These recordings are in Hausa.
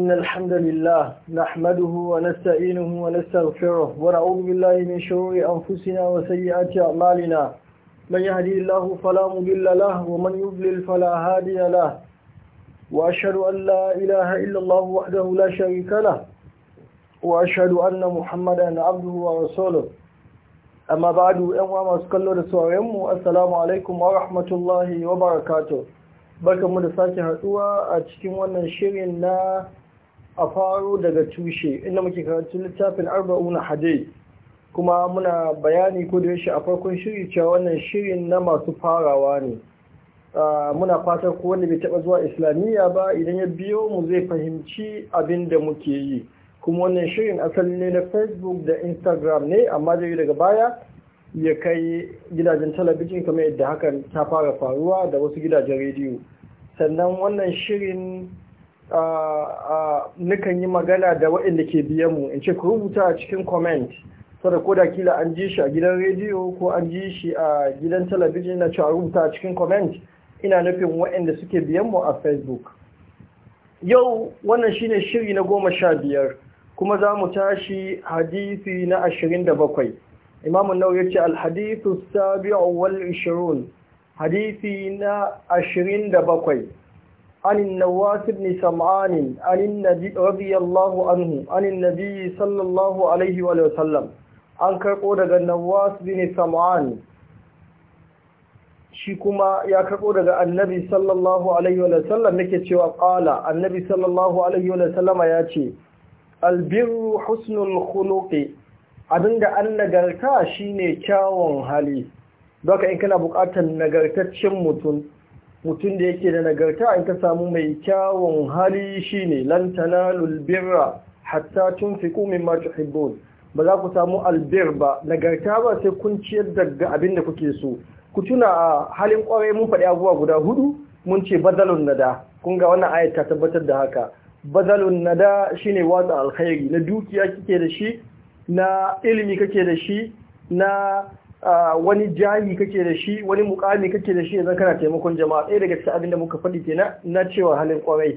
إن الحمد لله نحمده ونستعينه ونستغفره ونعوذ بالله من شرور أنفسنا وسيئات أعمالنا من يهدي الله فلا مضل له ومن يضلل فلا هادي له وأشهد أن لا إله إلا الله وحده لا شريك له وأشهد أن محمدا عبده ورسوله أما بعد أنواع مسكال رسوله السلام عليكم ورحمة الله وبركاته barkamu da sake haduwa a cikin wannan shirin na a faro daga tushe inda muke karatu littafin arba'una hadai kuma muna bayani ko da yashi a farkon shiri cewa wannan shirin na masu farawa ne muna fatan ko wanda bai taba zuwa islamiyya ba idan ya biyo mu zai fahimci abin da muke yi kuma wannan shirin asali ne na facebook da instagram ne amma zai daga baya ya kai gidajen talabijin kamar yadda hakan ta fara faruwa da wasu gidajen rediyo sannan wannan shirin nukan yi magana da waɗanda ke biyan mu in ce ku rubuta a cikin comment sada ko da kila an ji shi a gidan rediyo ko an ji shi a gidan talabijin na cewa rubuta a cikin comment ina nufin waɗanda suke biyan mu a facebook yau wannan shine shiri na goma sha biyar kuma za mu tashi hadisi na ashirin da bakwai imamun nau ya ce alhadithu sabi'u wal ishirun hadisi na ashirin da bakwai عن النواس بن سمعان عن النبي رضي الله عنه عن النبي صلى الله عليه وسلم an karɓo daga Nawas bin Sam'an shi kuma ya karɓo daga Annabi sallallahu alaihi wa sallam cewa ƙala Annabi sallallahu alaihi wa sallam ya ce albirru husnul khuluqi abinda an nagarta shine kyawun hali doka in kana buƙatar nagartaccen mutum mutum da yake da nagarta in ka samu mai kyawun hali shi ne lantana lulbirra. hatta tun fi kumin mimma tuhibbun ba za ku samu albir ba nagarta ba sai kun ciyar da abin da kuke so ku tuna a halin kwarai mun faɗi abubuwa guda hudu mun ce bazalun nada kun ga wannan ayat ta tabbatar da haka bazalun nada shine watsa alkhairi na dukiya kike da shi na ilimi kake da shi na wani jami kake da shi wani mukami kake da shi yanzu kana taimakon jama'a ɗaya daga cikin abinda muka faɗi kenan na cewa halin kwarai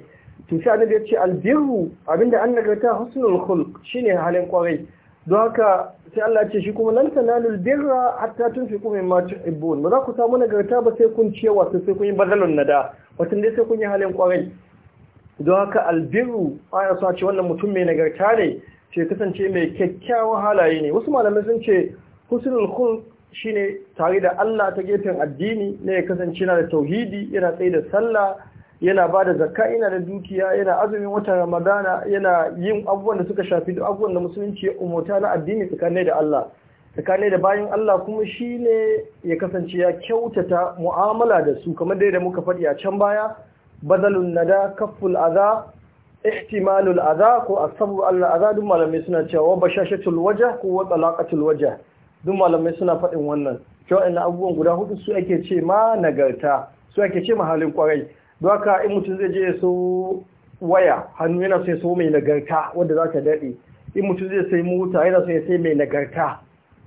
to sai annabi ya ce albirru abinda an nagarta husnul khulq shine halin kwarai don haka sai Allah ya ce shi kuma lan tanalul birra hatta tunfiqu mimma tuhibbun ba za ku samu nagarta ba sai kun ciye wato sai kun yi badalun nada wato dai sai kun yi halin kwarai don haka albirru aya sa ce wannan mutum mai nagarta ne ce kasance mai kyakkyawan halaye ne wasu malamai sun ce husnul khulq Shi ne tare da Allah ta gefen addini ne ya kasance yana da tauhidi yana tsaye da sallah yana ba da zakka yana da dukiya yana azumin watan ramadana yana yin abubuwan da suka shafi duk abubuwan da musulunci ya umarta na addini tsakanin da Allah tsakanin da bayan Allah kuma shi ne ya kasance ya kyautata mu'amala da su kamar da muka faɗi a can baya bazalun nada kaful aza ihtimalul aza ko asabu Allah aza duk malamai suna cewa wa bashashatul wajah ko talaqatul wajah duk malamai suna faɗin wannan kyau ina abubuwan guda hudu su ake ce ma nagarta su ake ce ma halin kwarai don haka in mutum zai je ya so waya hannu yana so ya so mai nagarta wanda za ta daɗe in mutum zai sai mota yana so ya sai mai nagarta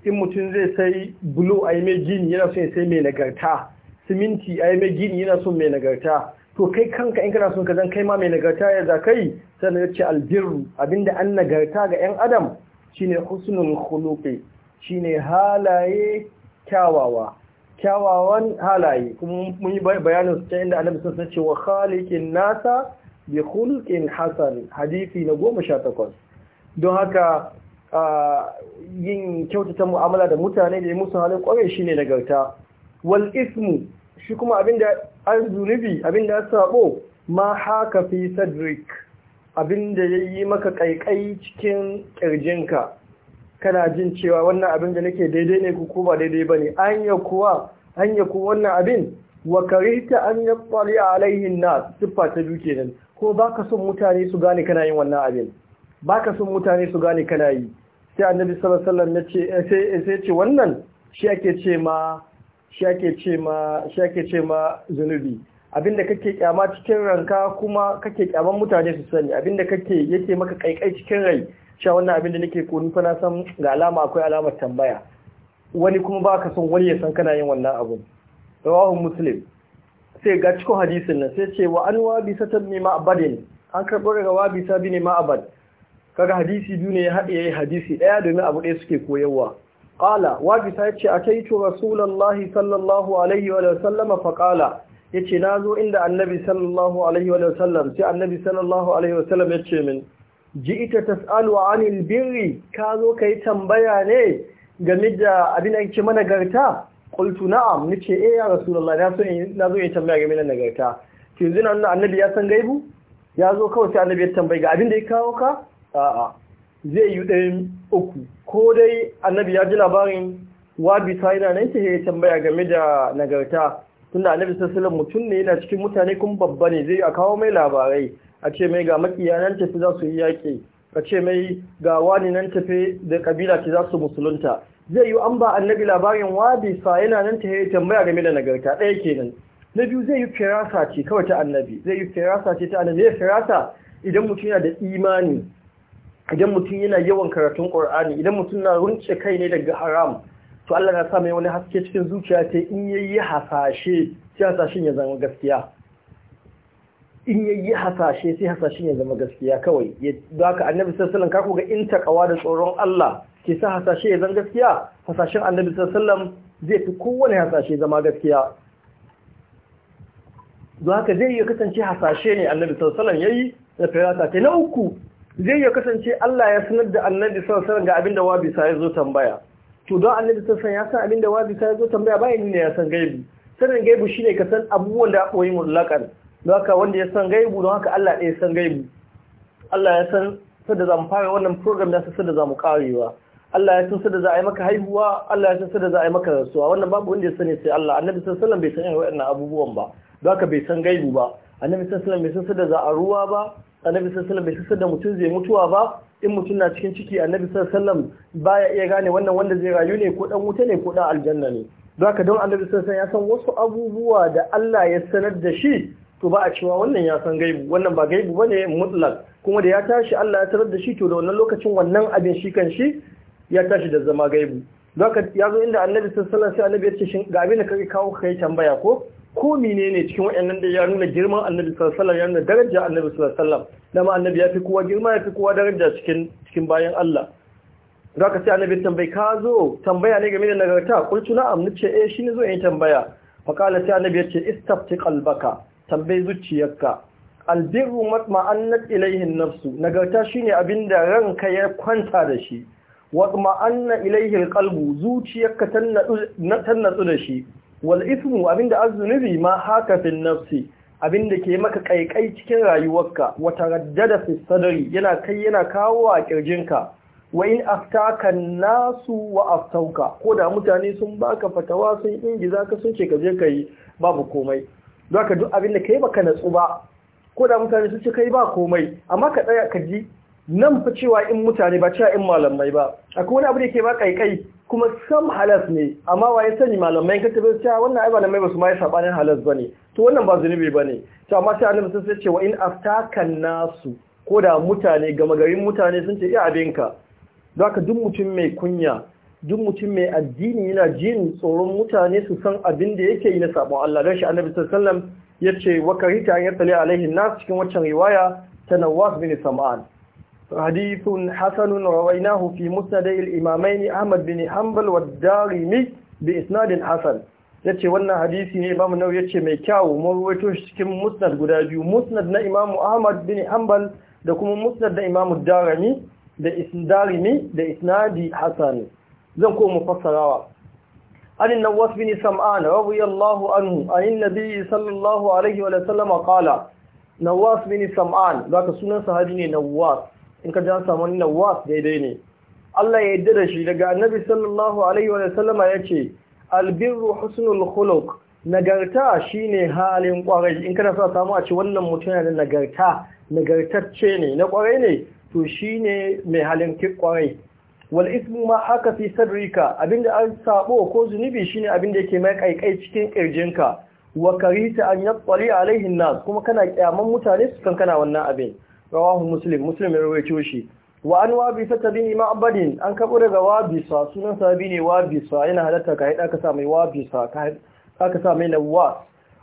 in mutum zai sai bulo a yi mai gini yana so ya sai mai nagarta siminti a yi mai gini yana so mai nagarta to kai kanka in kana son ka zan kai ma mai nagarta ya za kai sannan ya ce albirru abinda an nagarta ga 'yan adam shine husnul khuluqi shine halaye kyawawa kyawawan halaye kuma mun yi bayanin su ta inda annabi sun sace wa halikin nasa bi hulkin hasan hadisi na goma sha takwas. don haka yin kyautata mu'amala da mutane da yi musu halin kwarai ne nagarta wal ismu shi kuma abinda an zunubi abinda ya sabo ma haka fi sadrik abinda ya yi maka kaikai cikin kirjinka kana jin cewa wannan abin da nake daidai ne ko ba daidai ba ne? anya kuwa anya ku wannan abin wa karita an a alaihin nas siffa ta biyu kenan ko baka son mutane su gane kana yin wannan abin baka son mutane su gane kana yi sai annabi sallallahu alaihi wasallam ya ce eh, sai eh, ce wannan shi ake ce ma shi ake ce ma shi ake ce ma zunubi abinda kake kyama cikin ranka kuma kake kyaman mutane su sani abinda kake yake maka kaikai cikin rai cewa wannan abin da nake koyi fa na san ga alama akwai alamar tambaya wani kuma baka son wani ya san kana yin wannan abun rawahu muslim sai ga cikin hadisin nan sai ce wa an wabi satan ne ma abadin. an karɓo daga bi sabi ne abad. kaga hadisi biyu ne ya haɗe ya yi hadisi ɗaya domin abu ɗaya suke koyarwa ƙala bi sai ce a taito rasulallahi sallallahu alaihi wa sallam fa qala ya ce na zo inda annabi sallallahu alaihi wa sallam sai annabi sallallahu alaihi wa sallam yace min ji'ita tas'alu anil birri ka zo kai tambaya ne game da abin da yake mana garta qultu na'am nace eh ya rasulullah na so na zo yin tambaya game da nagarta to yanzu nan annabi ya san gaibu ya zo kawai sai annabi ya tambaye ga abin da ya kawo ka a'a zai yi ɗayan uku ko dai annabi ya ji labarin wabi ta yana nan ya tambaya game da nagarta tunda annabi sallallahu alaihi mutum ne yana cikin mutane kuma babba ne zai a kawo mai labarai a ce mai ga makiya nan tafi za su yi yaƙi a ce mai ga wani nan tafi da kabila ce za su musulunta zai yi an ba annabi labarin wadi sa yana nan ta yi tambaya game da nagarta ɗaya kenan na biyu zai yi firasa ce kawai ta annabi zai yi firasa ce ta annabi ya firasa idan mutum yana da imani idan mutum yana yawan karatun ƙur'ani idan mutum na runce kai ne daga haram to Allah na sa mai wani haske cikin zuciya ce in yayi hasashe sai hasashen ya zama gaskiya in yayi hasashe sai hasashen ya zama gaskiya kawai haka annabi sallallahu alaihi ga in takawa da tsoron Allah ke sa hasashe ya zama gaskiya hasashen annabi sallallahu zai fi kowane hasashe zama gaskiya don haka zai iya kasance hasashe ne annabi sallallahu ya yi yayi da firata ta na uku zai iya kasance Allah ya sanar da annabi sallallahu ga abin da bisa ya zo tambaya to don annabi sassan ya san abin da wazi ta zo tambaya bayan ne ya san gaibu sanin gaibu ne ka san abubuwan da aka yi mulakan don haka wanda ya san gaibu don haka Allah ɗaya san gaibu Allah ya san sadda za mu fara wannan program ya san sadda za mu karewa Allah ya san sadda za a yi maka haihuwa Allah ya san sadda za a yi maka rasuwa wannan babu wanda ya sani sai Allah annabi sallallahu alaihi wasallam bai san irin waɗannan abubuwan ba don haka bai san gaibu ba annabi sallallahu alaihi wasallam bai san sadda za a ruwa ba annabi sallallahu alaihi wasallam bai mutum zai mutuwa ba in mutum na cikin ciki annabi sallallahu alaihi wasallam baya iya gane wannan wanda zai rayu ne ko dan wuta ne ko dan aljanna ne haka don annabi sallallahu alaihi wasallam ya san wasu abubuwa da Allah ya sanar da shi to ba a cewa wannan ya san gaibu wannan ba gaibu bane mutlak kuma da ya tashi Allah ya sanar da shi to da wannan lokacin wannan abin shi kan shi ya tashi da zama gaibu haka ya zo inda annabi sallallahu alaihi wasallam sai annabi ya ce shin ga abin da kake kawo kai tambaya ko ko ne cikin wa'annan da ya nuna girman annabi sallallahu alaihi ya nuna daraja annabi sallallahu alaihi dama annabi ya fi kowa girma ya fi kowa daraja cikin cikin bayan Allah zaka sai annabi tambayi ka zo tambaya ne game da nagarta kulcu na'am nace eh shine zo yin tambaya faqala sai annabi yace istafti qalbaka tambayi zuciyarka albirru matma'annat ilayhi nafsu nagarta shine abinda ranka ya kwanta da shi wa ma'anna ilayhi alqalbu zuciyarka tannatsu da shi wal ismu abinda azumin ma haka fil nafsi abinda ke maka kaikai cikin rayuwarka wa taraddada fi sadri yana kai yana kawo a kirjinka wa in aftaka nasu wa aftauka ko da mutane sun baka fatawa sun ingiza ka sun ce ka je kai babu komai zaka duk abinda kai baka natsu ba ko da mutane sun ce kai ba komai amma ka tsaya ka ji nan fa cewa in mutane ba cewa in malamai ba akwai wani abu da ke ba kaikai kuma sam halas ne amma waye sani malamai ka tabbata cewa wannan ai malamai na mai sabanin halas bane to wannan ba zunubi bane to amma sai annabi sun ce wa in aftakan nasu ko da mutane gama garin mutane sun ce iya abinka zaka duk mutum mai kunya duk mutum mai addini yana jin tsoron mutane su san abin da yake yi na sabon Allah dan shi annabi sallallahu alaihi wasallam yace wa karita ya tsale alaihi nas cikin wancan riwaya ta bin Sam'an حديث حسن رويناه في مسند الإمامين أحمد بن حنبل والدارمي بإسناد حسن yace wannan hadisi ne Imam Nawawi yace mai kyau mun rawaito shi cikin musnad guda biyu musnad na Imam Ahmad bin Hanbal da kuma musnad na Imam Darimi da Isndarimi da isnadi Hasan zan ko mu fassarawa an Nawas bin Sam'an radiyallahu anhu an Nabi sallallahu alaihi wa sallam qala Nawas bin Sam'an zaka sunan sahabi ne Nawas in ka ja samu nawas daidai ne Allah ya yarda da shi daga annabi sallallahu alaihi wa sallama ya ce, albirru husnul khuluq nagarta shine halin kwarai in kana sa samu a ce wannan mutum yana da nagarta nagartacce ne na kwarai ne to shine mai halin kwarai wal ismu ma haka fi sadrika abinda an sabo ko zunubi shine abinda yake mai kaikai cikin kirjinka wa karita an yattali alaihin nas kuma kana kyaman mutane su kankana wannan abin rawahu muslim muslim ya rawaito shi wa an wabisa ta bin abadin an kabo daga sa sunan sabi ne sa yana halatta ka haɗa ka sa mai sa ka sa mai nawa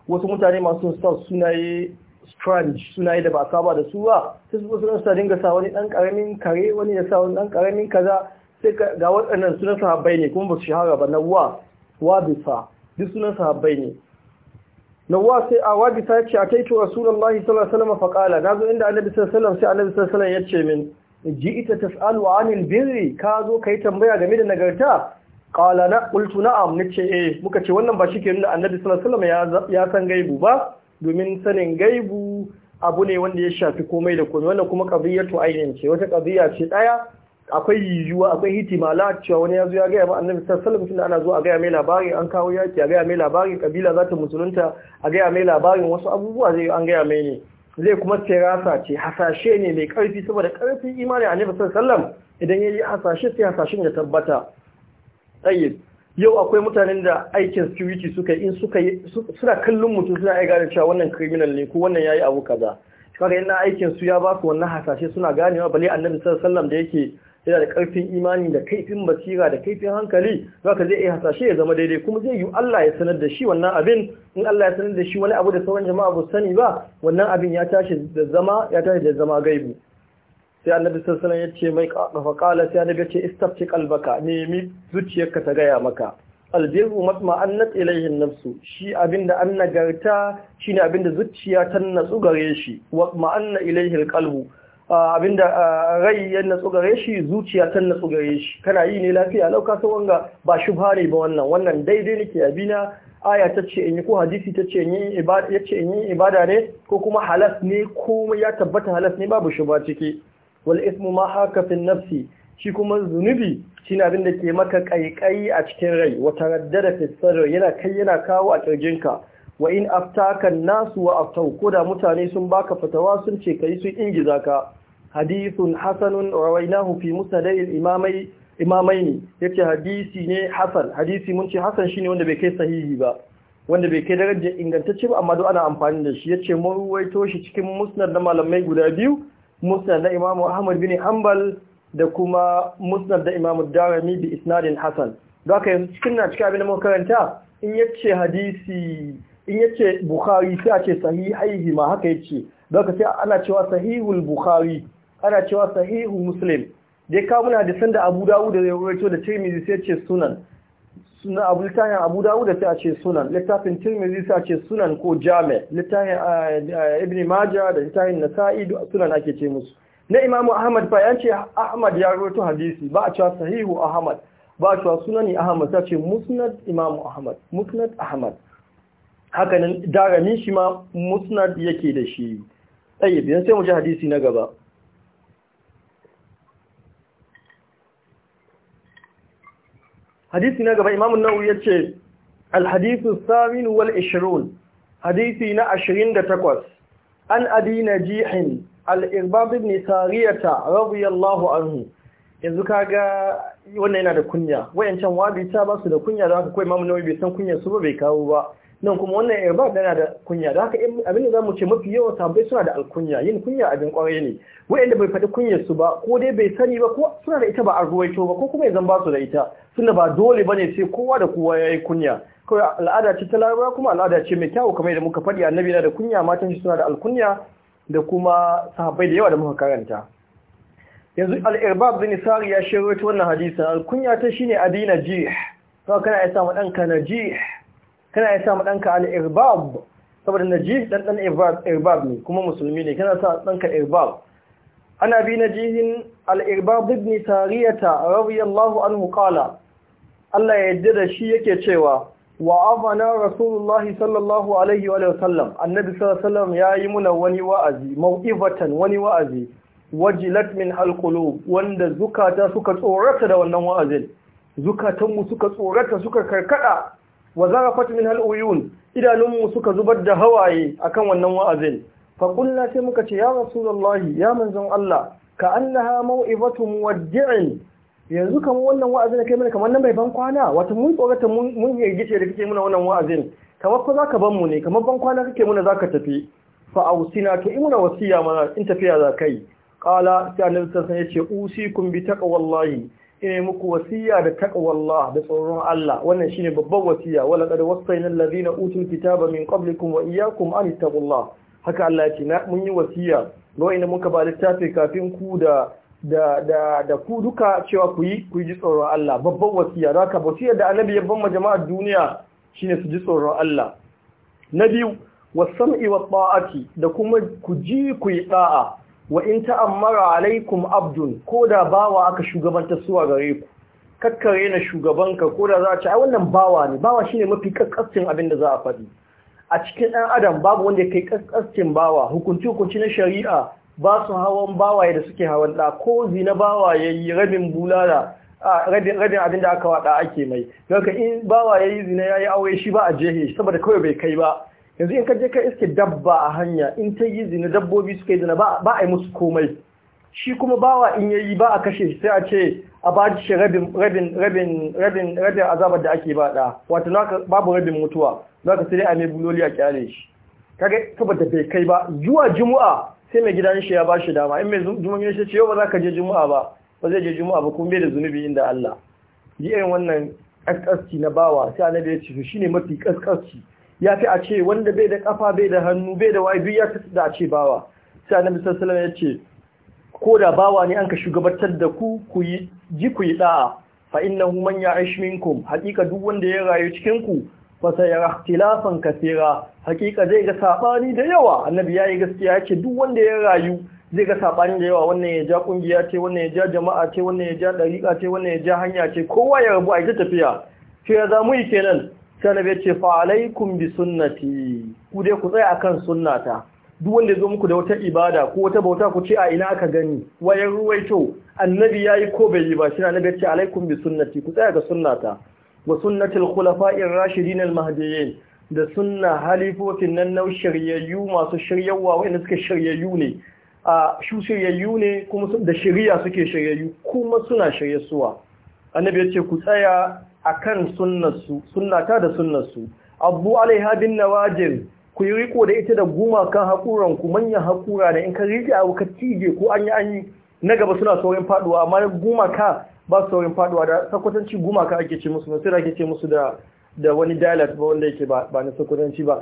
wasu mutane masu sa sunaye strange sunaye da ba saba da su ba sai su sunan sa dinga sa wani dan karamin kare wani ya sa wani dan karamin kaza sai ga waɗannan sunan sahabbai ne kuma ba su shahara ba nawa sa duk sunan sahabbai ne nawa sai a wadi ta ce ataitu rasulullahi sallallahu alaihi wasallam fa nazo inda annabi sallallahu alaihi wasallam sai annabi sallallahu alaihi wasallam ya min ji'ita birri ka zo kai tambaya game da nagarta qala na qultu na'am nace eh muka ce wannan ba shike nuna annabi sallallahu alaihi wasallam ya san gaibu ba domin sanin gaibu abu ne wanda ya shafi komai da komai wannan kuma qadiyatu ainin ce wata qadiya ce daya akwai yiwuwa akwai hitimala cewa wani ya zo ya gaya ma annabi sallallahu alaihi ana zo a gaya mai labari an kawo yaki a gaya mai labari kabila za ta musulunta a gaya mai labarin wasu abubuwa zai an gaya mai ne zai kuma tsirasa ce hasashe ne mai karfi saboda karfin imani annabi sallallahu alaihi idan yayi hasashe sai hasashen ya tabbata tayyib yau akwai mutanen da aikin security suka in suka suna kallon mutum suna iya gane cewa wannan criminal ne ko wannan yayi abu kaza kaga ina aikin su ya ba su wannan hasashe suna ganewa balle annabi sallallahu alaihi da yake yana da karfin imani da kaifin basira da kaifin hankali zaka zai iya hasashe ya zama daidai kuma zai yi Allah ya sanar da shi wannan abin in Allah ya sanar da shi wani abu da sauran jama'a ba sani ba wannan abin ya tashi da zama ya tashi da zama gaibu sai annabi sallallahu alaihi wasallam ya ce mai kafa kala sai annabi ya ce istafti qalbaka nemi zuciyarka ta gaya maka albirru matma'annat ilayhi nafsu shi abinda an nagarta shine abinda zuciya ta natsu gare shi wa ma'anna ilayhi alqalbu Ah, abinda ah, rai ya natsu gare shi zuciya ta natsu gare shi kana yi ne lafiya lauka ta wanga ba shubha ne ba wannan wannan daidai nake abina aya ta ce in yi ko hadisi ta ce in yi ibada ne ko kuma halas ne ko ya tabbata halas ne babu ba ciki wal ismu ma haka fi nafsi shi kuma zunubi shine abin da ke maka kai-kai a cikin rai wata raddada fi yana kai yana kawo a ka. wa in aftaka nasu wa aftau da mutane sun baka fatawa sun ce kai su ingiza ka hadithun hasanun rawainahu fi musnadai al-imamai imamaini yace hadisi ne hasan hadisi mun ce hasan shine wanda bai kai sahihi ba wanda bai kai darajar ingantacce ba amma duk ana amfani da shi yace mun ruwaito shi cikin musnad na malamai guda biyu musnad na imamu ahmad bin hanbal da kuma musnad da imamu darami bi isnadin hasan don haka yanzu cikin na cikin abin da muka karanta in yace hadisi in yace bukhari sai a ce sahihi ma haka yace don ka sai ana cewa sahihul bukhari ana cewa sahihul muslim dai ka muna da sanda abu dawud da ya rawaito da tirmidhi sai ce sunan sunan abu littafin abu dawud sai a ce sunan littafin tirmidhi sai a ce sunan ko jami littafin eh, ibn majah da littafin nasa'i sunan ake ce musu na imamu ahmad fa yace ahmad ya rawaito hadisi ba a cewa sahihu ahmad ba a cewa sunani ahmad sai ce musnad imamu ahmad musnad ahmad hakanan daramin shi ma musnad yake da shi Tsaye biyan sai mu ji hadisi na gaba hadisi na gaba imamun nawawi yace alhadisu thamin wal ishirun hadisi na takwas, an na najihin al-irbab nisariyata sariyata radiyallahu anhu yanzu ka ga wannan yana da kunya wayancan wabi ta ba su da kunya da haka kawai imamun bai san kunya su ba bai kawo ba nan kuma wannan da na da kunya da haka abin da zamu ce mafi yawan sahabbai suna da alkunya yin kunya abin kwarai ne wayanda bai faɗi kunyar su ba ko dai bai sani ba ko suna da ita ba a ruwaito ba ko kuma yanzu ba su da ita suna ba dole ne sai kowa da kowa yayi kunya kawai al'ada ce ta larabawa kuma al'ada ce mai kyau kamar yadda muka faɗi annabi yana da kunya matan shi suna da alkunya da kuma sahabbai da yawa da muka karanta yanzu al-irbab bin sari ya shirwaito wannan hadisa. alkunya ta shine adina jih kuma kana ya samu kana jih kana ya sa ma ɗanka al'irbab? irbab saboda najih ɗan irbab ne kuma musulmi ne kana sa ɗanka irbab ana bi najihin al-irbab ibn sariyata radiyallahu anhu qala Allah ya yarda da shi yake cewa wa amana rasulullahi sallallahu alaihi wa sallam annabi sallallahu ya yi muna wani wa'azi mau'ibatan wani wa'azi wajilat min alqulub wanda zukata suka tsorata da wannan wa'azin zukatan mu suka tsorata suka karkada wa zarafat min hal uyun idanunmu suka zubar da hawaye akan wannan wa'azin fa sai muka ce ya rasulullahi ya manzon Allah ka annaha mau'izatu muwaddi'in yanzu kamar wannan wa'azin kai mana kamar nan bai ban kwana wato mun tsorata mun yargice da kake muna wannan wa'azin kamar ko zaka ban mu ne kamar ban kwana kake muna zaka tafi fa ausina to in wasiya mana in tafiya za kai qala sai annabi sallallahu alaihi wasallam yace usikum bi taqwallahi ina muku wasiya da taqwallah da tsoron Allah wannan shine babban wasiya wala qad wasayna alladhina utul kitaba min qablikum wa iyyakum an haka Allah ya na mun yi wasiya ga wanda muka ba littafi kafin ku da da da ku duka cewa ku yi ku ji tsoron Allah babban wasiya da haka wasiyar da annabi ya ban jama'ar duniya shine su ji tsoron Allah na biyu wasam'i wa ta'ati da kuma ku ji ku yi da'a wa in ta'ammara alaikum abdun ko da bawa aka shugabantar suwa gare ku kakkare na shugabanka ko da za a ce ai wannan bawa ne bawa shine mafi kakkastin abin da za a faɗi a cikin ɗan adam babu wanda ya kai kakkastin bawa hukunci hukunci na shari'a ba su hawan bawaye da suke hawan ɗa ko zina bawa ya yi rabin bulala rabin abin da aka waɗa ake mai daga in bawa ya yi zina ya yi aure shi ba a jehe saboda kawai bai kai ba yanzu in ka je ka iske dabba a hanya in ta yi zina dabbobi suka yi zina ba a yi musu komai shi kuma bawa in yayi ba a kashe shi sai a ce a ba shi rabin rabin rabin rabin azabar da ake ba da wato babu rabin mutuwa zaka sai a mai buloli a kyale shi kaga saboda bai kai ba zuwa juma'a sai mai gidan shi ya ba shi dama in mai juma'a shi ce yau ba za ka je juma'a ba ba zai je juma'a ba kuma bai da zunubi inda Allah yi irin wannan kaskasci na bawa sai annabi ya ce ne mafi kaskasci ya fi a ce wanda bai da kafa bai da hannu bai da waye ya fi da a ce bawa sai annabi sallallahu ya ce ko da bawa ne an ka shugabantar da ku ku yi ji ku yi da'a fa innahu man ya'ish minkum haƙiƙa duk wanda ya rayu cikin ku fa ya ikhtilafan kaseera haƙiƙa zai ga sabani da yawa annabi yayi gaskiya ya ce, duk wanda ya rayu zai ga sabani da yawa wannan ya ja kungiya ce wannan ya ja jama'a ce wannan ya ja dariqa ce wannan ya ja hanya ce kowa ya rabu a ita tafiya to ya zamu yi kenan sanab ya ce alaikum bi sunnati ku dai ku tsaya akan sunnata duk wanda ya zo muku da wata ibada ko wata bauta ku ce a ina aka gani wayan ruwaito annabi yayi ko bai yi ba shi annabi ya ce alaikum bi sunnati ku tsaya ga sunnata wa sunnatil khulafa'ir rashidin al mahdiyyin da sunna halifofin nan nau shiryayyu masu shiryawa wanda suka shiryayyu ne a shu shiryayyu ne kuma da shiriya suke shiryayyu kuma suna shiryasuwa annabi ya ce ku tsaya akan sunnarsu sunnata da sunnarsu abu alaiha bin nawajil ku yi riko da ita da gumakan hakuran ku manyan hakura da in ka rike abu ka cije ko an yi an yi na gaba suna saurin faduwa amma gumaka ba saurin faduwa da sakwatanci gumaka ake ce musu sai ake ce musu da da wani dialect ba wanda yake ba na sakwatanci ba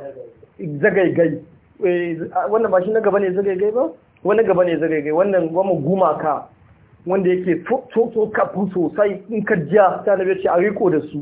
zagaigai eh, wannan ba shi na gaba ne gai ba wani gaba ne gai wannan guma gumaka wanda yake tsotso kafin sosai in ka jiya ta nabi ce a riko da su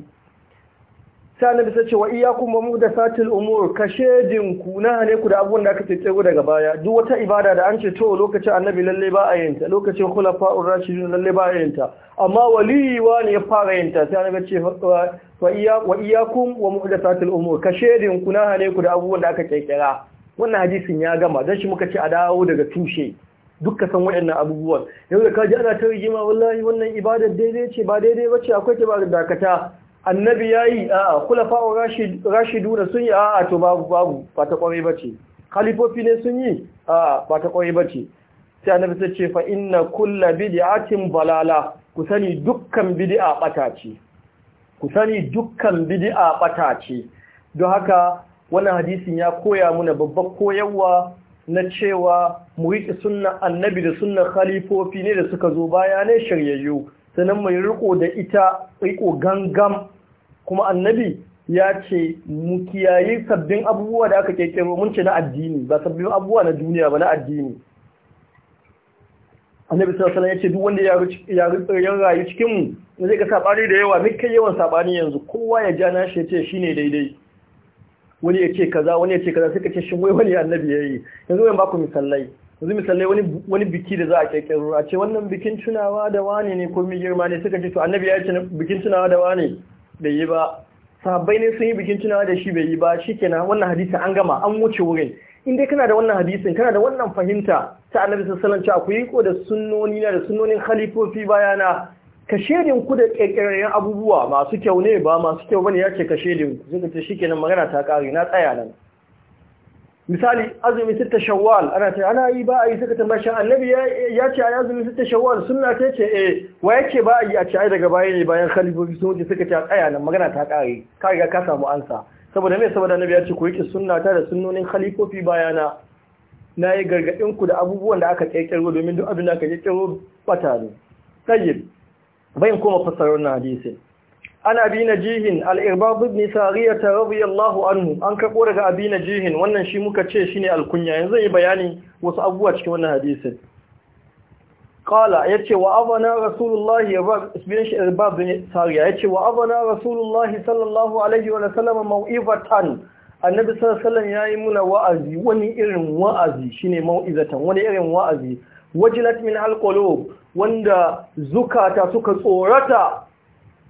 ta nabi ce wa iyakun ba mu da satil umur ka shedinku na hane ku da abubuwan da aka tsego daga baya duk wata ibada da an ce to lokacin annabi lalle ba a yanta, lokacin khulafa'ur rashidun lalle ba a yanta. amma waliwa ne ya fara yinta ta nabi ce wa iyakun wa mu da satil umur ka shedinku na hane ku da abubuwan da aka kirkira wannan hadisin ya gama don shi muka ce a dawo daga tushe dukkan san waɗannan abubuwan yau da kaji ana ta rigima wallahi wannan ibadar daidai ce ba daidai ba ce akwai ta ba dakata annabi ya yi a'a kula fa'o rashidu sun yi a'a to babu babu ba ta kwarai ba ce khalifofi ne sun yi a'a ba ta kwarai ba ce sai annabi ta ce fa inna kulla bid'atin balala ku sani dukkan bid'a bata ce ku sani dukkan bid'a bata ce don haka wannan hadisin ya koya muna babbar koyarwa na cewa mu riƙe sunna annabi da sunnan khalifofi ne da suka zo baya ne shiryayyu sannan mai riko da ita riko gangam kuma annabi ya ce mu kiyaye sabbin abubuwa da aka kekero mun ce na addini ba sabbin abubuwa na duniya ba na addini annabi sallallahu alaihi ya ce duk wanda ya rayu cikin mu zai ga sabani da yawa mika yawan sabani yanzu kowa ya ja nashi ya ce shine daidai wani ya ce kaza wani ya ce kaza suka ce shin wai wani annabi ya yi. yanzu wani baku misalai yanzu misalai wani biki da za a kirkiro a ce wannan bikin tunawa da wane ne ko mi girma ne suka ce to annabi ya ce bikin tunawa da wane bai yi ba sahabbai ne sun yi bikin tunawa da shi bai yi ba shikenan wannan hadisi an gama an wuce wurin in dai kana da wannan hadisin kana da wannan fahimta ta annabi sallallahu alaihi wasallam ku yi ko da sunnoni na da sunnonin khalifofi bayana ka shedin ku da ƙirƙirarren abubuwa masu kyau ne ba masu kyau bane ya ce ka shedin ku zai ta shi kenan magana ta ƙare na tsaya nan misali azumi sitta shawwal ana ta ana yi ba a yi suka tambaya shan annabi ya ce a azumi sitta shawwal sunna ta ce eh wa yake ba a yi a ce ai daga baya ne bayan khalifofi sun wuce suka ta tsaya nan magana ta ƙare ka riga ka samu ansa saboda me saboda annabi ya ce ku yi sunna ta da sunnonin khalifofi bayana na yi gargaɗin ku da abubuwan da aka ƙirƙiro domin duk abin da aka ƙirƙiro bata ne tayyib bayan kuma fasarar na hadisin an abi na jihin al'irbab ibn sariyata radiyallahu anhu an karɓo daga abi na jihin wannan shi muka ce shi ne alkunya yanzu yi bayani wasu abubuwa cikin wannan hadisin qala ce wa abana rasulullahi irbab ibn sariya Ya ce wa abana rasulullahi sallallahu alaihi wa sallam mau'izatan annabi sallallahu ya yi muna wa'azi wani irin wa'azi shine mau'izatan wani irin wa'azi wajilat min alqulub wanda zukata suka tsorata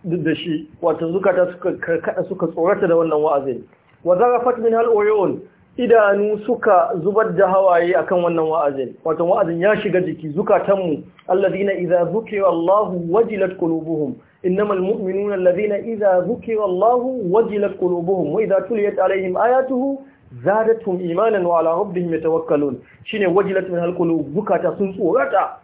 da shi wato zukata suka karkada suka tsorata da wannan wa'azin wa zarafat min hal uyun idanu suka zubar da hawaye akan wannan wa'azin wato wa'azin ya shiga jiki zukatanmu alladhina idza zukira Allahu wajilat qulubuhum innamal mu'minuna alladhina idza zukira Allahu wajilat qulubuhum wa idza tuliyat alaihim ayatuhu zadatuhum imanan wa ala rabbihim yatawakkalun shine wajilat min hal qulub zukata sun tsorata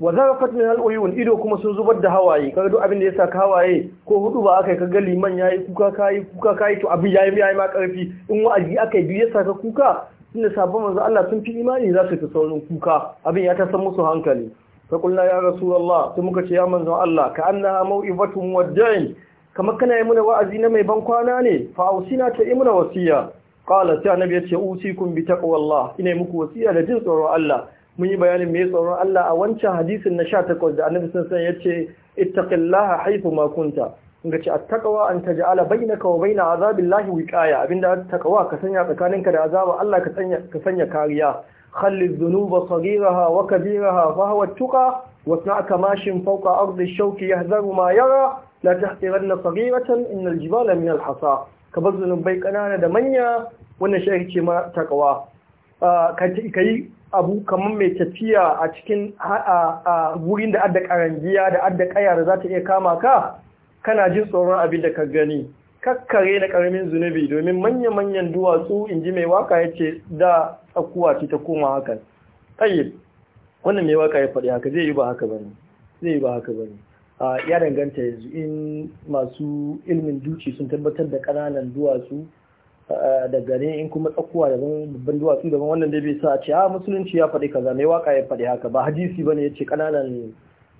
wa za ka al ido kuma sun zubar da hawaye kaga duk abin da ya saka hawaye ko hudu ba aka ka kaga liman yayi kuka kai kuka yi to abin yayi yi ma karfi in wa'azi biyu biye saka kuka tunda sabon manzo Allah sun fi imani za su fi saurin kuka abin ya ta san musu hankali fa ya ya rasulullah sai muka ce ya manzo Allah ka annaha mau'izatun muwaddain kamar kana yi mana wa'azi na mai ban kwana ne fa ausina ta yi mana wasiya qala ta annabi ya ce usikum bi taqwallah ina muku wasiya da jin tsoron Allah mun yi bayanin mai tsoron Allah a wancan hadisin na 18 da Annabi sallallahu ya ce yace ittaqillaha haythu ma kunta inga ce attaqwa an taj'ala bainaka wa baina azabillahi wiqaya abinda attaqwa ka sanya tsakaninka da azaba Allah ka sanya ka sanya kariya khalli dhunuba saghiraha wa kabiraha fa huwa tuqa wasna kamashin fawqa ardi shawki yahzaru ma yara la tahqiranna saghiratan innal jibala min al-hasa kabar zunubai kanana da manya wannan shi ake ah, ka yi abu kamar mai tafiya a cikin wurin da adda karangiya da adda kaya da za ta iya kama ka kana jin tsoron abin da ka gani kakkare na karamin zunubi domin manya-manyan duwatsu in ji mai waka ya ce da tsakuwa ta koma hakan tsaye wannan mai waka ya faɗi haka zai yi ba haka ba ne zai yi ba haka ba ne ya danganta yanzu in masu ilmin duci sun tabbatar da ƙananan duwatsu Eh, da gare in kuma tsakuwa daban babban duwatsu daban wannan da bai sa a ce a ah, musulunci ya faɗi kaza mai waka ya faɗi haka ba hadisi bane ya ce kananan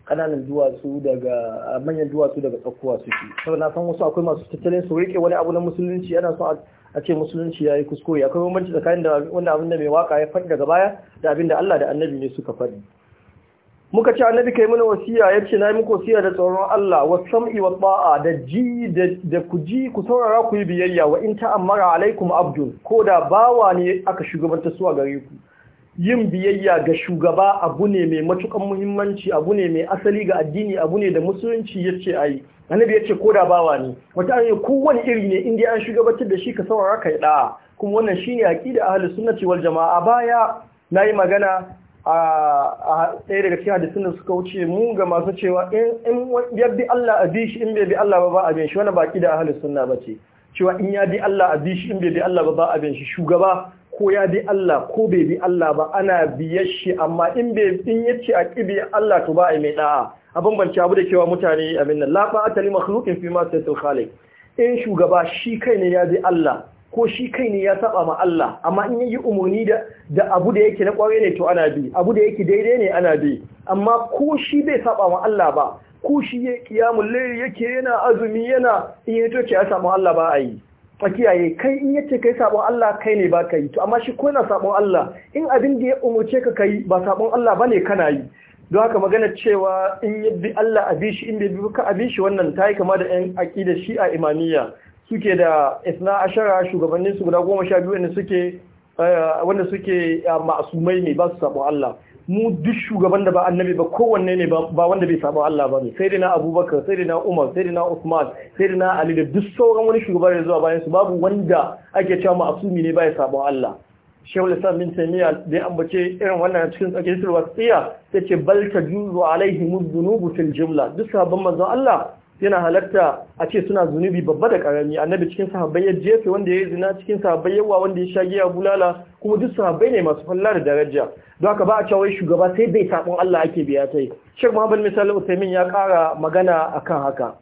kananan duwatsu daga eh, manyan duwatsu daga tsakuwa suke saboda na san wasu akwai masu tattalin su rike wani abu na musulunci ana son a ce musulunci ya yi kuskure akwai bambanci tsakanin da wanda abin da mai waka ya faɗi daga baya da abin da Allah da annabi ne suka faɗi muka ci annabi kai mana wasiya ya ce na yi muku wasiya da tsoron Allah wa sam'i wa ta'a da ji da ku ji ku saurara ku yi biyayya wa in ta'ammara alaikum abdul ko da bawa ne aka shugabanta su a gare ku yin biyayya ga shugaba abu ne mai matukan muhimmanci abu ne mai asali ga addini abu ne da musulunci ya ce ayi annabi ya ce ko da bawa ne wata ko kowane iri ne in dai an shugabantar da shi ka saurara kai da'a kuma wannan shine aqida ahlus sunnati wal jama'a baya Na yi magana a ɗaya daga cikin hadisin da suka wuce mu ga masu cewa in ya bi Allah a bi shi in bai bi Allah ba ba a bin shi wani baki da ahalin sunna ba ce cewa in ya bi Allah a bi shi in bai bi Allah ba ba a bin shi shugaba ko ya bi Allah ko bai bi Allah ba ana biyar shi amma in bai in yace a kibi Allah to ba a mai a bambance abu da cewa mutane nan la ba tali makhluqin fi ma sayyidul khaliq in shugaba shi kai ne ya bi Allah ko shi kai ne ya saba ma Allah amma in yi umarni da da abu da yake na kware ne to ana bi abu da yake daidai ne ana bi amma ko shi bai saba ma Allah ba ko shi ya kiyamu yake yana azumi yana in ya ke ya saba Allah ba a kiyaye kai in yace kai sabon Allah kai ne ba kai to amma shi ko yana sabon Allah in abin da ya umurce ka kai ba sabon Allah bane kana yi don haka magana cewa in yabi Allah abishi in bai bi ka abishi wannan tayi kama da yan shi a imamiyya suke da isna ashara shugabannin su guda goma sha biyu wanda suke eh, wanda suke eh, ma'asumai ne ba su sabo Allah mu duk shugaban da ba annabi ba kowanne ne ba wanda bai sabo Allah ba ne sai dai na Abubakar sai dai na Umar sai dai na Usman sai dai na Ali da duk sauran wani shugaban da zuwa bayan su babu wanda ake cewa ma'asumi ne ba ya sabo Allah Shehu min bin da dai ambace irin wannan cikin tsakiyar sirwa tsiya ce balta, alaihi alaihim dhunubu fil jumla duk sabon manzon Allah yana halarta a ce suna zunubi babba da karami annabi cikin sahabbai ya jefe wanda ya yi zina cikin sahabbai yawa wanda ya sha giya bulala kuma duk sahabbai ne masu falla da daraja don haka ba a cewa shugaba sai bai sabon Allah ake biya ta tai shek Muhammad Misal Usaimin ya kara magana akan haka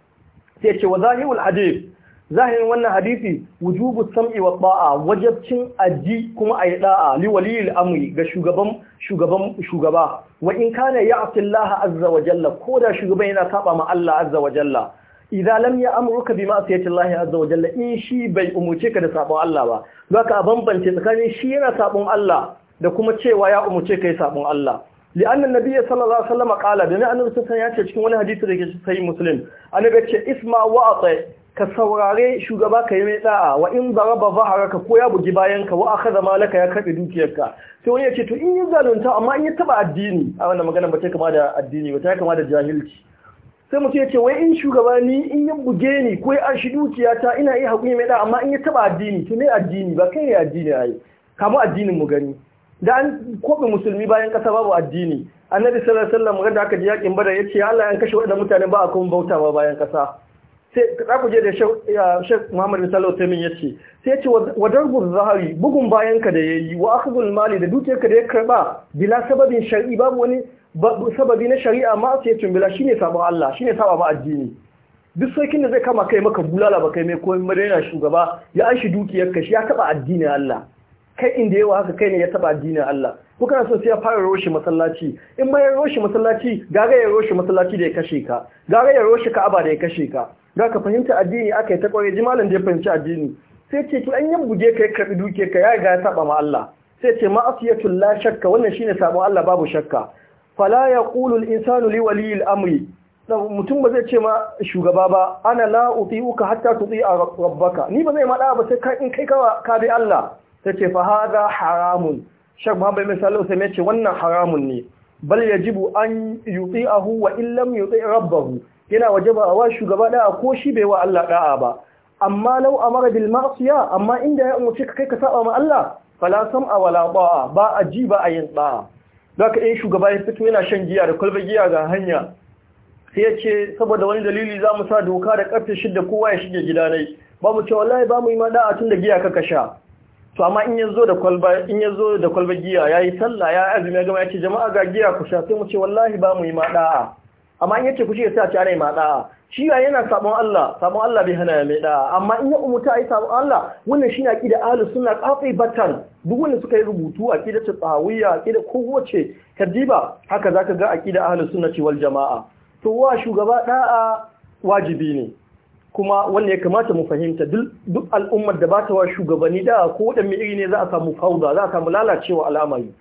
sai ce wa zahirul adil zahirin wannan hadisi wujubu sam'i wa ta'a wajabcin aji kuma ayi da'a li waliyil amri ga shugaban shugaban shugaba wa in kana ya'ti Allah azza wa jalla koda shugaban yana saba ma Allah azza wa jalla idza lam ya'muruka bi ma'siyati Allah azza wa jalla in shi bai umuce ka da sabon Allah ba zaka bambance tsakanin shi yana sabon Allah da kuma cewa ya umuce kai sabon Allah لأن النبي صلى الله عليه وسلم قال بما أن الرسول صلى الله عليه وسلم cikin wani hadisi da ke sai muslim annabi ce isma wa ata ka saurare shugaba ka yi mai da'a wa in zaraba haraka ko ya bugi bayanka wa aka zama laka ya karɓi dukiyarka sai wani ya ce to in yi zalunta amma in ya taɓa addini a wanda magana ba ta kama da addini ba ta kama da jahilci sai mutum ya ce wai in shugaba ni in ya buge ni ko ya arshi dukiyata ina iya haƙuri mai da'a amma in ya taɓa addini to ne addini ba kai ne addini a yi kamu addinin mu gani da an koɓe musulmi bayan ƙasa babu addini annabi sallallahu alaihi wasallam da aka ji yakin bada yace Allah ya kashe waɗannan mutane ba a kuma bautawa bayan ƙasa sai da ku je da Sheikh Muhammad bin Salih Uthaymeen yace sai yace wa zahari bugun bayan ka da yayi wa akhdhul mali da dukiyar ka da ya karba bila sababin shar'i babu wani sababi na shari'a ma sai yace bila shine sabon Allah shine saba ma addini duk sokin da zai kama kai maka bulala ba kai mai komai madaina shugaba ya aishi dukiyar ka shi ya taba addinin Allah kai in inda yawa haka kai ne ya taba addinin Allah ko kana so sai ya fara roshe masallaci in ma ya roshe masallaci gaga ya roshe masallaci da ya kashe ka gaga ya roshe ka'aba da ya kashe ka da ka fahimta addini aka yi ta kwarai ji da ya fahimci addini sai ce to an yi buge ka ya karbi duke ka ya ga ya saba ma Allah sai ce ma'asiyatul la shakka wannan shine sabon Allah babu shakka fala yaqulu al-insanu li amri mutum ba zai ce ma shugaba ba ana la uti'uka hatta tuti'a rabbaka ni ba zai ma da ba sai kai in kai ka bi Allah sai ce fa hada haramun shek Muhammad bin Salih sai ya ce wannan haramun ne bal yajibu an yuti'ahu wa illam yuti' rabbahu yana waje ba a wa shugaba ɗaya ko shi bai wa Allah da'a ba amma a mara bil ma'siya amma inda ya umarci ka kai ka saba ma Allah fala a wala ba'a ba a ji ba a yin Za ka in shugaba ya fito yana shan giya da kwalba giya ga hanya sai ya ce saboda wani dalili za mu sa doka da karfe shida kowa ya shige gida nai ba mu ce wallahi ba mu yi ma da'a tun da giya ka sha to amma in yazo da kwalba in da kwalba giya yayi sallah ya azumi ya gama ya ce jama'a ga giya ku sha sai mu ce wallahi ba mu yi ma da'a amma in yace ku ce sai a tare ma da shi ya yana sabon Allah sabon Allah bai hana mai da amma in ya umuta ai sabon Allah wannan shine akida ahli sunna qafi batan duk wanda suka yi rubutu aqida ta tsawiyya ko wace kadiba haka zaka ga akida ahli sunna wal jamaa to wa shugaba da'a wajibi ne kuma wanda ya kamata mu fahimta duk al'ummar da ba ta wa shugabanni da ko mai iri ne za a samu fauda za a samu lalacewa al'amari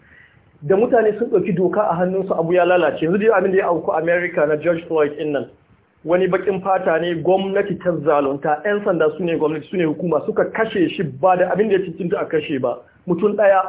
da mutane sun ɗauki doka a hannunsu abu ya lalace yanzu abin da ya auku America na George Floyd innan wani bakin fata ne gwamnati ta zalunta yan sanda su ne gwamnati su ne hukuma suka kashe shi ba da abin da ya cikinta a kashe ba mutum ɗaya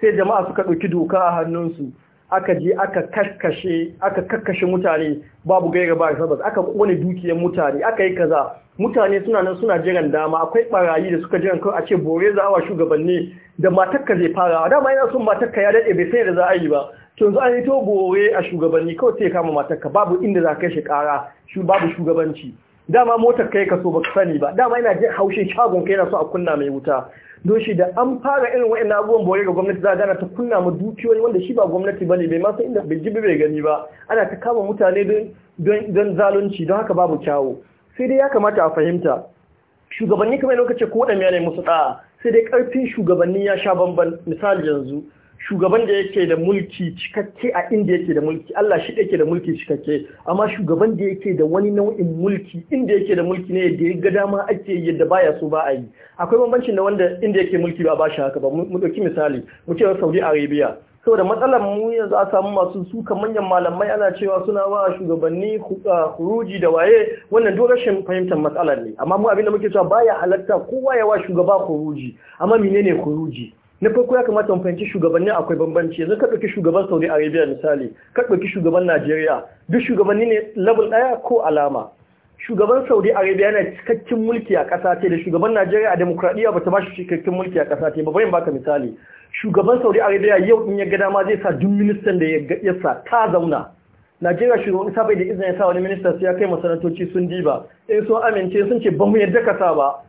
sai jama'a suka ɗauki doka a hannunsu aka je aka kakkashe aka kakkashe mutane babu gaira ba aka kone dukiyar mutane aka yi kaza mutane suna nan suna jiran dama akwai barayi da suka jiran kawai a ce bore za a shugabanni da matakka zai fara dama yana son matakka ya dade bai sai da za a yi ba to yanzu an yi to bore a shugabanni kawai sai kama matakka babu inda za kai shi kara babu shugabanci dama motar kai kaso so baka sani ba dama ina jin haushin shagon kai yana so a kunna mai wuta doshi da an fara irin wa'in abubuwan bore ga gwamnati za a gana ta kunna ma dukiyoyi wanda shi ba gwamnati ba ne bai masu inda bai ji bai gani ba ana ta kama mutane don zalunci don haka babu kyawu sai dai ya kamata a fahimta shugabanni kamar lokaci ko waɗanda ne musu ɗa'a sai dai ƙarfin shugabanni ya sha bamban misali yanzu shugaban da yake da mulki cikakke a inda yake da mulki Allah shi yake da mulki cikakke amma shugaban da yake da wani nau'in mulki inda yake da mulki ne da ya ga dama ake yadda baya so ba a yi akwai bambancin da wanda inda yake mulki ba ba shi haka ba mu dauki misali mu ce Saudi Arabia saboda matsalar mu yanzu a samu masu suka manyan malamai ana cewa suna wa shugabanni huruji da waye wannan duk rashin fahimtar matsalar ne amma mu abinda muke cewa baya halatta kowa ya wa shugaba huruji amma menene huruji na farko ya kamata mu fahimci shugabannin akwai bambanci yanzu ka ɗauki shugaban saudi arabia misali ka ɗauki shugaban najeriya duk shugabanni ne level ɗaya ko alama shugaban saudi arabia yana cikakken mulki a ƙasa ce da shugaban najeriya a demokradiyya ba ta ba shi cikakken mulki a ƙasa ce ba bayan baka misali shugaban saudi arabia yau in ya ga dama zai sa duk ministan da ya sa ta zauna najeriya shugaban ƙasa bai da izinin ya sa wani minista su ya kai masanatoci sun diba in sun amince sun ce ba mu yadda ka sa ba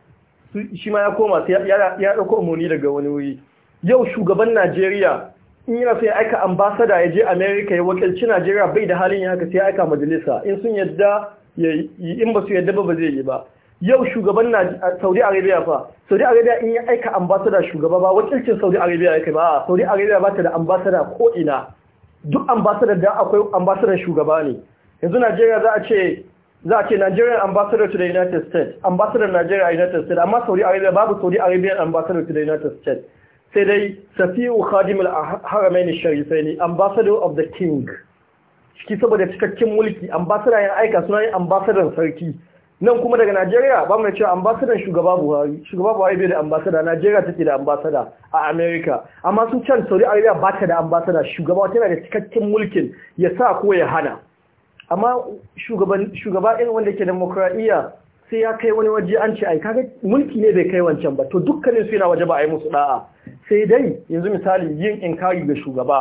shi ma ya koma sai ya ɗauko umarni daga wani wuri yau shugaban Najeriya in yana sai aika ambasada ya je America ya wakilci Najeriya bai da halin ya haka sai aika majalisa in sun yadda in ba su yadda ba zai yi ba yau shugaban Saudi Arabia fa Saudi Arabia in ya aika ambasada shugaba ba wakilcin Saudi Arabia yake ba Saudi Arabia ba ta da ambasada ko ina duk ambasada da akwai ambasada shugaba ne yanzu Najeriya za a ce za a ce Nigerian ambassador to the United States ambassador Nigeria United States amma Saudi Arabia babu Saudi Arabian ambassador to the United States sai dai safiyu khadimul ah-, haramain sharifain ambassador of the king shi saboda cikakken mulki ambassador ya aika suna yin ambassador sarki nan kuma daga Najeriya ba mu cewa ambassador shugaba Buhari shugaba Buhari bai da ambassador Najeriya take da ambassador a America amma sun can Saudi Arabia ba ta da ambassador shugaba tana da cikakken mulkin ya sa ko ya hana amma shugaba irin wanda ke demokradiya sai ya kai wani waje an ce ai kaga mulki ne bai kai wancan ba to dukkanin su yana waje ba a yi musu da'a sai dai yanzu misali yin inkari ga shugaba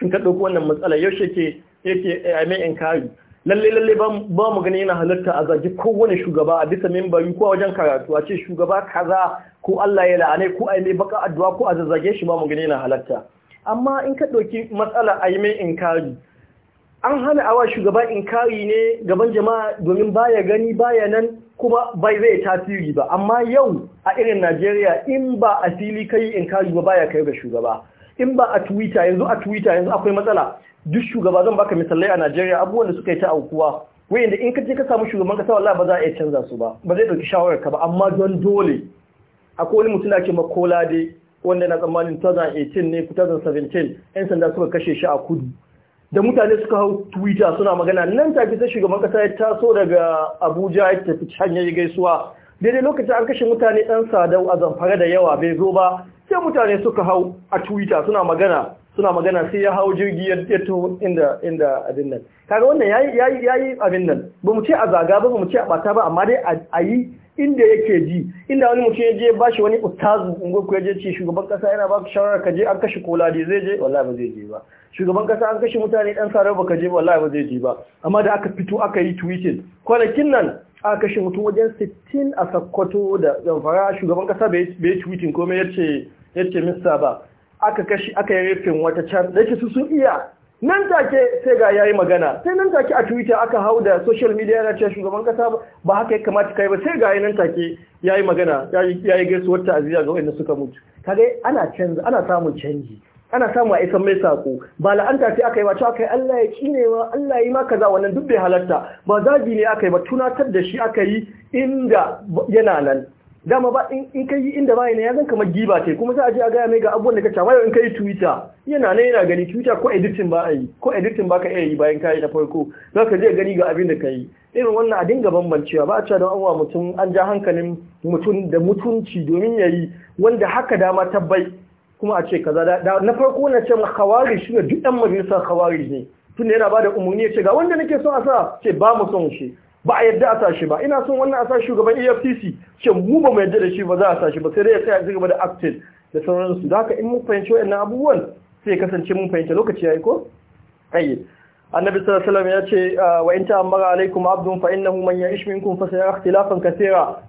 in ka ɗauki wannan matsala yaushe ke yake eh, a mai inkari lalle lalle ba mu gani yana halarta a zagi kowane shugaba a bisa membari ko wajen karatu a ce shugaba kaza ko Allah ya la'ane ko a mai baka addu'a ko a zazzage shi ba mu gani yana halarta amma in ka ɗauki matsala a yi mai inkari an hana awa shugaba in inkari ne gaban jama'a domin baya gani baya nan kuma bai zai tasiri ba amma yau a irin Najeriya in ba a fili kai in inkari ba baya kai ga shugaba in ba a Twitter yanzu a Twitter yanzu akwai matsala duk shugaba zan baka misalai a Najeriya abubuwan da suka yi ta aukuwa da in ka je ka samu shugaban kasa wallahi ba za a iya canza su ba ba zai dauki shawarar ka ba amma don dole akwai wani mutum da ake makola dai wanda na tsammanin 2018 ne 2017 'yan sanda suka kashe shi a kudu da mutane suka hau twitter suna magana nan tafi sai shugaban kasa ya taso daga abuja ya tafi hanyar gaisuwa daidai lokacin an kashe mutane ɗan sadau a zamfara da yawa bai zo ba sai mutane suka hau a twitter suna magana suna magana sai ya hau jirgi ya taho inda inda abin nan kaga wannan yayi yayi yayi abin nan ba mu ce a zaga ba ba mu ce a bata ba amma dai a yi inda yake ji inda wani mutum ya je ba shi wani ustazu ungoku ya je ce shugaban kasa yana ba ku shawara ka je an kashe da zai je wallahi ba zai je ba shugaban kasa an kashe mutane dan sa ba ka je wallahi ba zai je ba amma da aka fito aka yi tweeting kwanakin nan aka kashe mutum wajen 60 a sakkwato da zamfara shugaban kasa bai yi tweeting komai yace yace minista ba aka kashi aka yi rufin wata can da yake su sun iya nan take sai ga yayi magana sai nan take a Twitter aka hau da social media na cewa shugaban kasa ba haka ya kamata kai ba sai ga nan take yayi magana yayi gaisuwar aziya ga wanda suka mutu kaga ana canza ana samun canji ana samu a isan mai sako ba la'anta sai aka yi ba aka yi Allah ya kinewa Allah ya yi ma kaza wannan duk bai halarta ba zagi ne aka yi ba tunatar da shi aka yi inda yana nan dama ba in ka yi inda bayi ya zan kamar giba ce kuma sai a je a gaya mai ga abubuwan da ka cewa in ka twitter yana nan yana gani twitter ko editin ba a yi ko editing ba ka iya yi bayan ka yi na farko za ka je gani ga abin da ka yi irin wannan a dinga bambancewa ba a cewa don anwa mutum an ja hankalin mutum da mutunci domin ya yi wanda haka dama tabbai kuma a ce kaza da na farko na ce ma kawari shi ne duk ɗan majalisar kawari ne tun da yana ba da umarni ya ce ga wanda nake son a sa ce ba mu son shi ba a yadda a sashi ba ina son wannan a sashi shugaban efcc ce mu ba mu yadda da shi ba za a sashi ba sai dai ya tsaya gaba da actin da sauransu da haka in mun fahimci wa'annan abubuwan sai kasance mun fahimci lokaci yayi ko ayi annabi sallallahu alaihi ya ce ah, wa in ta'ammara alaikum abdun fa innahu man ya'ish minkum fa sayara ikhtilafan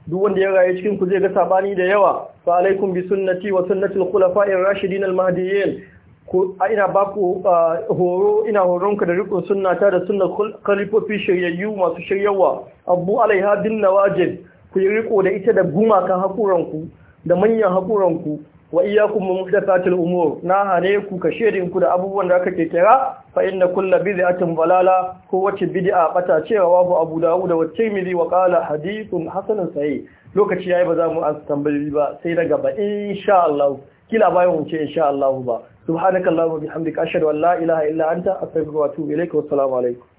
duk wanda ya rayu cikin ku zai ga sabani da yawa fa alaikum bi sunnati wa sunnati al-khulafa'ir rashidin al-mahdiyyin ko ina ba ku horo ina horonka da rikon sunna ta da sunna kalifofi shiryayyu masu shiryawa abu alaiha bin Wajen, ku yi riko da ita da gumakan hakuranku da manyan hakuranku wa iyyakum muhdathatil umur na hane ku ka shedin ku da abubuwan da aka ke kira fa inna kullu bid'atin balala ko wace bid'a bata cewa wa Abu Dawud da Tirmidhi wa qala hadithun sahih lokaci yayi ba za mu an tambayi ba sai daga ba insha Allah kila bayan wuce insha Allah ba subhanakallahumma bihamdika ashhadu an la ilaha illa anta astaghfiruka wa atubu ilaik wa assalamu alaikum